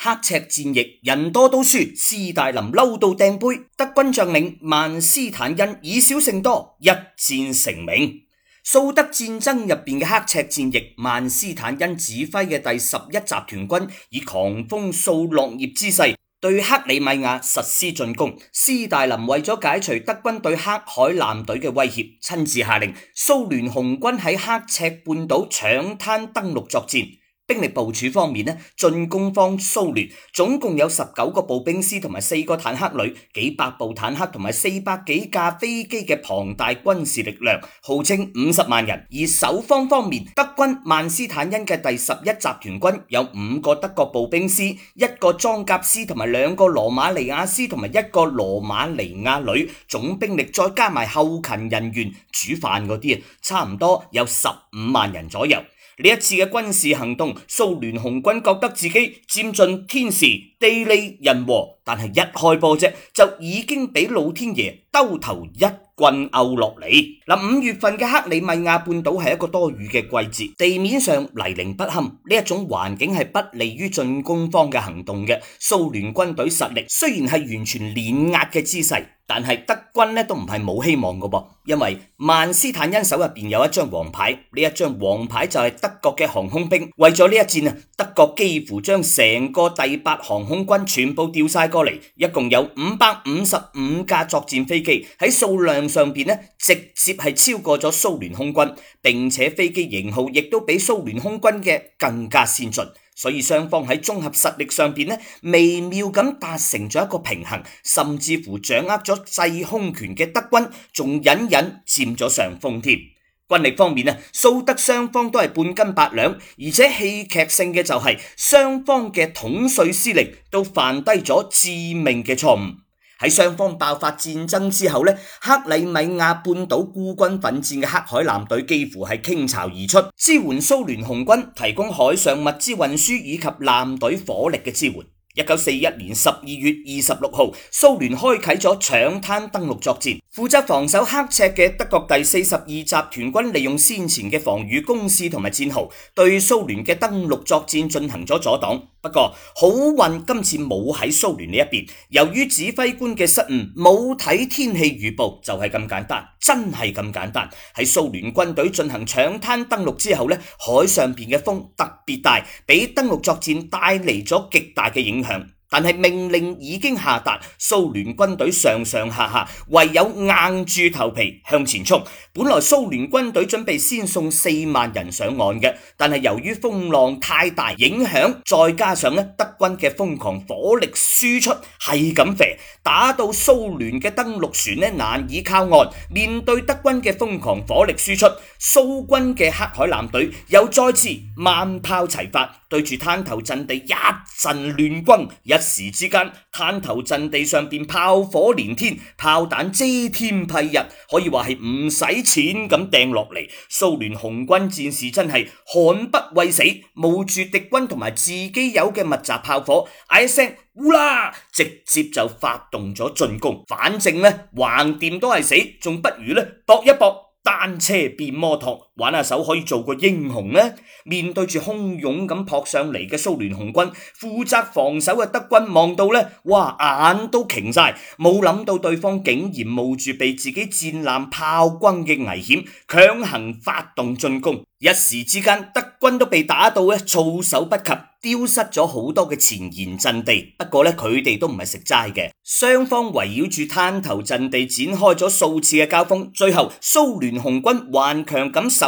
刻赤戰役，人多都輸。斯大林嬲到掟杯，德軍將領曼施坦因以少勝多，一戰成名。蘇德戰爭入邊嘅刻赤戰役，曼施坦因指揮嘅第十一集團軍以狂風掃落葉之勢對克里米亞實施進攻。斯大林為咗解除德軍對黑海艦隊嘅威脅，親自下令蘇聯紅軍喺刻赤半島搶灘登陸作戰。兵力部署方面咧，進攻方蘇聯總共有十九個步兵師同埋四個坦克旅，幾百部坦克同埋四百幾架飛機嘅龐大軍事力量，號稱五十萬人。而守方方面，德軍曼施坦因嘅第十一集團軍有五個德國步兵師、一個裝甲師同埋兩個羅馬尼亞師同埋一個羅馬尼亞旅，總兵力再加埋後勤人員煮飯嗰啲啊，差唔多有十五萬人左右。呢一次嘅軍事行動，蘇聯紅軍覺得自己佔盡天時地利人和，但係一開波啫就已經俾老天爺兜頭一棍毆落嚟。嗱，五月份嘅克里米亞半島係一個多雨嘅季節，地面上泥濘不堪，呢一種環境係不利於進攻方嘅行動嘅。蘇聯軍隊實力雖然係完全碾壓嘅姿勢。但係德軍咧都唔係冇希望噶噃，因為曼施坦因手入邊有一張王牌，呢一張王牌就係德國嘅航空兵。為咗呢一戰啊，德國幾乎將成個第八航空軍全部調晒過嚟，一共有五百五十五架作戰飛機，喺數量上邊咧直接係超過咗蘇聯空軍，並且飛機型號亦都比蘇聯空軍嘅更加先進。所以雙方喺綜合實力上邊咧，微妙咁達成咗一個平衡，甚至乎掌握咗制空權嘅德軍，仲隱隱佔咗上風添。軍力方面咧，蘇德雙方都係半斤八兩，而且戲劇性嘅就係雙方嘅統帥司令都犯低咗致命嘅錯誤。喺雙方爆發戰爭之後呢，克里米亞半島孤軍奮戰嘅黑海艦隊幾乎係傾巢而出，支援蘇聯紅軍提供海上物資運輸以及艦隊火力嘅支援。一九四一年十二月二十六號，蘇聯開啟咗搶灘登陸作戰。負責防守刻赤嘅德國第四十二集團軍，利用先前嘅防禦工事同埋戰壕，對蘇聯嘅登陸作戰進行咗阻擋。不過好運今次冇喺蘇聯呢一邊，由於指揮官嘅失誤，冇睇天氣預報就係、是、咁簡單，真係咁簡單。喺蘇聯軍隊進行搶灘登陸之後呢，海上邊嘅風特別大，俾登陸作戰帶嚟咗極大嘅影響。但係命令已經下達，蘇聯軍隊上上下下唯有硬住頭皮向前衝。本來蘇聯軍隊準備先送四萬人上岸嘅，但係由於風浪太大影響，再加上呢，德軍嘅瘋狂火力輸出係咁肥，打到蘇聯嘅登陸船呢，難以靠岸。面對德軍嘅瘋狂火力輸出，蘇軍嘅黑海艦隊又再次萬炮齊發，對住灘頭陣地一陣亂轟。一一時之間，灘頭陣地上邊炮火連天，炮彈遮天蔽日，可以話係唔使錢咁掟落嚟。蘇聯紅軍戰士真係悍不畏死，冒住敵軍同埋自己有嘅密集炮火，嗌一聲，呼啦，直接就發動咗進攻。反正呢，橫掂都係死，仲不如呢，搏一搏，單車變摩托。玩下手可以做個英雄呢？面對住洶湧咁撲上嚟嘅蘇聯紅軍，負責防守嘅德軍望到呢，哇眼都擎晒，冇諗到對方竟然冒住被自己戰艦炮轟嘅危險，強行發動進攻。一時之間，德軍都被打到呢措手不及，丟失咗好多嘅前沿陣地。不過呢，佢哋都唔係食齋嘅，雙方圍繞住灘頭陣地展開咗數次嘅交鋒。最後，蘇聯紅軍頑強咁守。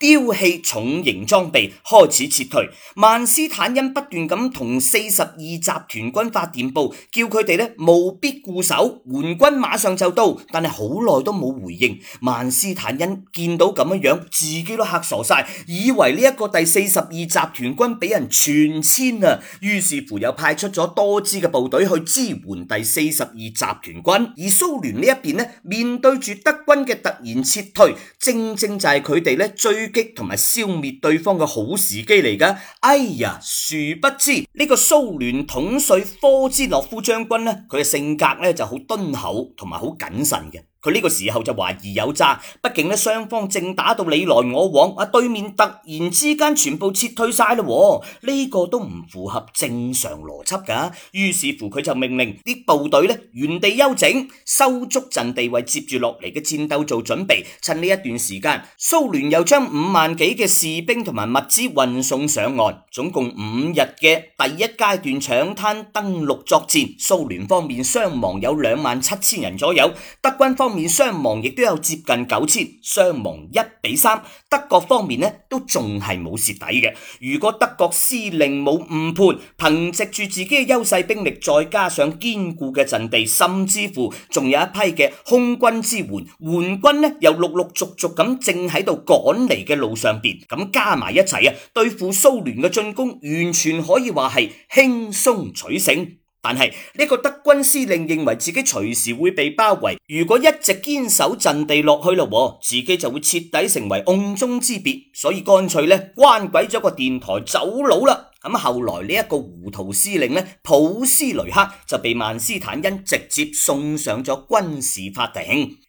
丟棄重型裝備，開始撤退。曼施坦因不斷咁同四十二集團軍發電報，叫佢哋呢務必固守，援軍馬上就到。但係好耐都冇回應。曼施坦因見到咁樣樣，自己都吓傻晒，以為呢一個第四十二集團軍俾人全殲啊。於是乎又派出咗多支嘅部隊去支援第四十二集團軍。而蘇聯呢一邊呢，面對住德軍嘅突然撤退，正正就係佢哋呢最。擊同埋消滅對方嘅好時機嚟㗎，哎呀，殊不知、這個、蘇聯呢個蘇聯統帥科茲洛夫將軍咧，佢嘅性格咧就好敦厚同埋好謹慎嘅。佢呢個時候就懷疑有詐，畢竟呢，雙方正打到你來我往，阿對面突然之間全部撤退晒啦，呢個都唔符合正常邏輯噶。於是乎佢就命令啲部隊呢，原地休整，收足陣地為接住落嚟嘅戰鬥做準備。趁呢一段時間，蘇聯又將五萬幾嘅士兵同埋物資運送上岸，總共五日嘅第一階段搶灘登陸作戰，蘇聯方面傷亡有兩萬七千人左右，德軍方方面傷亡亦都有接近九千，傷亡一比三。德國方面呢都仲係冇蝕底嘅。如果德國司令冇誤判，憑借住自己嘅優勢兵力，再加上堅固嘅陣地，甚至乎仲有一批嘅空軍支援援軍呢，又陸陸續續咁正喺度趕嚟嘅路上邊，咁加埋一齊啊，對付蘇聯嘅進攻，完全可以話係輕鬆取勝。但係呢、這個德軍司令認為自己隨時會被包圍，如果一直堅守陣地落去咯，自己就會徹底成為甕中之鱉，所以乾脆咧關鬼咗個電台走佬啦。咁、嗯、後來呢一個糊塗司令呢，普斯雷克就被曼施坦因直接送上咗軍事法庭。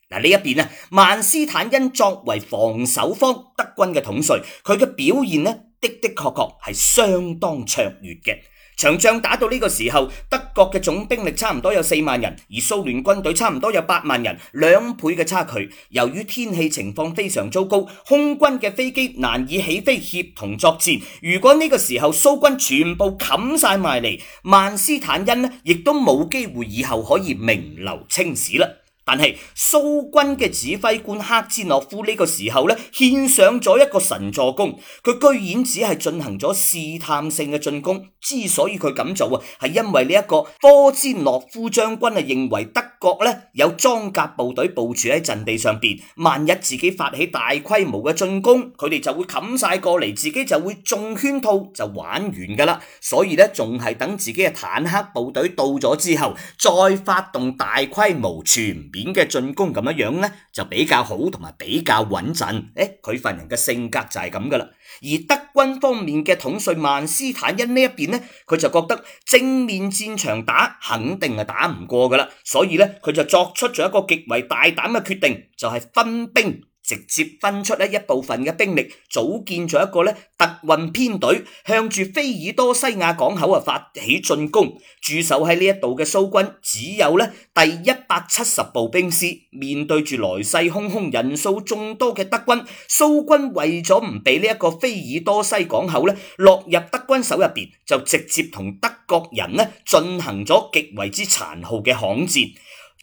嗱、嗯、呢一邊呢，曼施坦因作為防守方德軍嘅統帥，佢嘅表現呢，的的確確係相當卓越嘅。場仗打到呢個時候，德國嘅總兵力差唔多有四萬人，而蘇聯軍隊差唔多有八萬人，兩倍嘅差距。由於天氣情況非常糟糕，空軍嘅飛機難以起飛協同作戰。如果呢個時候蘇軍全部冚晒埋嚟，曼施坦因呢亦都冇機會以後可以名留青史啦。但係蘇軍嘅指揮官克茲諾夫呢個時候呢，獻上咗一個神助攻，佢居然只係進行咗試探性嘅進攻。之所以佢咁做啊，係因為呢一個科茲諾夫將軍啊認為德國咧有裝甲部隊部署喺陣地上邊，萬一自己發起大規模嘅進攻，佢哋就會冚晒過嚟，自己就會中圈套，就玩完噶啦。所以咧，仲係等自己嘅坦克部隊到咗之後，再發動大規模全面嘅進攻咁樣樣咧，就比較好同埋比較穩陣。誒、欸，佢份人嘅性格就係咁噶啦，而德。軍方面嘅統帥曼施坦因呢一邊呢，佢就覺得正面戰場打肯定係打唔過噶啦，所以呢，佢就作出咗一個極為大膽嘅決定，就係分兵。直接分出咧一部分嘅兵力，組建咗一個咧特運編隊，向住菲爾多西亞港口啊發起進攻。駐守喺呢一度嘅蘇軍只有咧第一百七十步兵師，面對住來勢洶洶、人數眾多嘅德軍，蘇軍為咗唔俾呢一個菲爾多西港口咧落入德軍手入邊，就直接同德國人咧進行咗極為之殘酷嘅巷戰。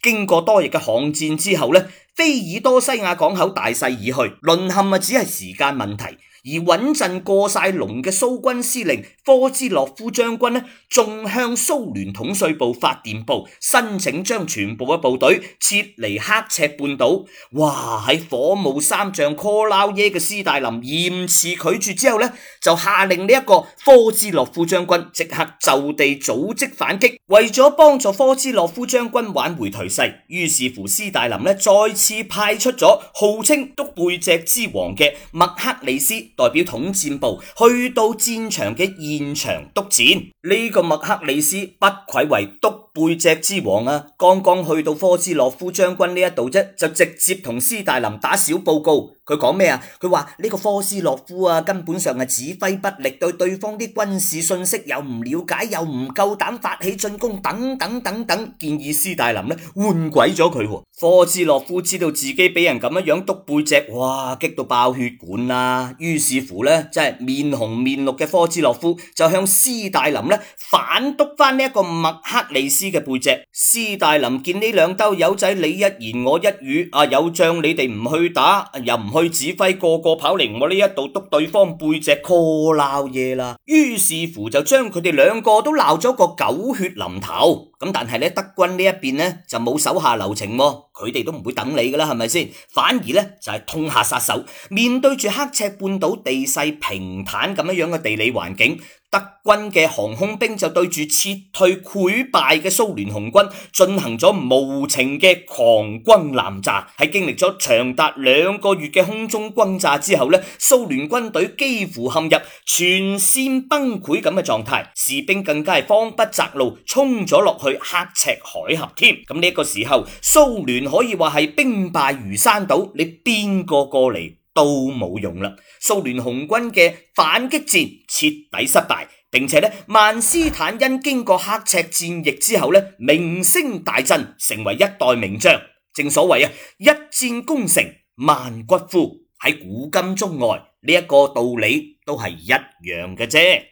經過多日嘅巷戰之後呢，菲爾多西亞港口大勢已去，淪陷啊，只係時間問題。而穩陣過晒龍嘅蘇軍司令科茲洛夫將軍呢，仲向蘇聯統帥部發電報，申請將全部嘅部隊撤離刻赤半島。哇！喺火冒三丈科拉耶嘅斯大林嚴詞拒絕之後呢，就下令呢一個科茲洛夫將軍即刻就地組織反擊。為咗幫助科茲洛夫將軍挽回頹勢，於是乎斯大林呢再次派出咗號稱督背脊之王嘅麥克里斯。代表統戰部去到戰場嘅現場督戰，呢、這個麥克里斯不愧為督背脊之王啊！剛剛去到科斯洛夫將軍呢一度啫，就直接同斯大林打小報告。佢講咩啊？佢話呢個科斯洛夫啊，根本上係指揮不力，對對方啲軍事信息又唔了解，又唔夠膽發起進攻，等等等等，建議斯大林呢換鬼咗佢，啊。科斯洛夫知道自己俾人咁樣督背脊，哇，激到爆血管啦，啊，於似乎咧，即、就、係、是、面紅面綠嘅科茲洛夫就向斯大林咧反篤翻呢一個麥克利斯嘅背脊。斯大林見呢兩兜友仔，你一言我一語，啊有仗你哋唔去打，又唔去指揮，個個跑嚟我呢一度篤對方背脊 c a 鬧嘢啦。於是乎就將佢哋兩個都鬧咗個狗血淋頭。咁但係咧德軍呢一邊呢就冇手下留情、啊，佢哋都唔會等你噶啦，係咪先？反而咧就係、是、痛下殺手，面對住刻赤半島。地勢平坦咁樣嘅地理環境，德軍嘅航空兵就對住撤退潰敗嘅蘇聯紅軍進行咗無情嘅狂轟濫炸。喺經歷咗長達兩個月嘅空中轟炸之後呢，蘇聯軍隊幾乎陷入全線崩潰咁嘅狀態，士兵更加係慌不擇路，衝咗落去刻赤海峽添。咁呢一個時候，蘇聯可以話係兵敗如山倒，你邊個過嚟？都冇用啦！蘇聯紅軍嘅反擊戰徹底失敗，並且咧，曼施坦因經過刻赤戰役之後咧，名聲大振，成為一代名將。正所謂啊，一戰功成萬骨枯，喺古今中外呢一個道理都係一樣嘅啫。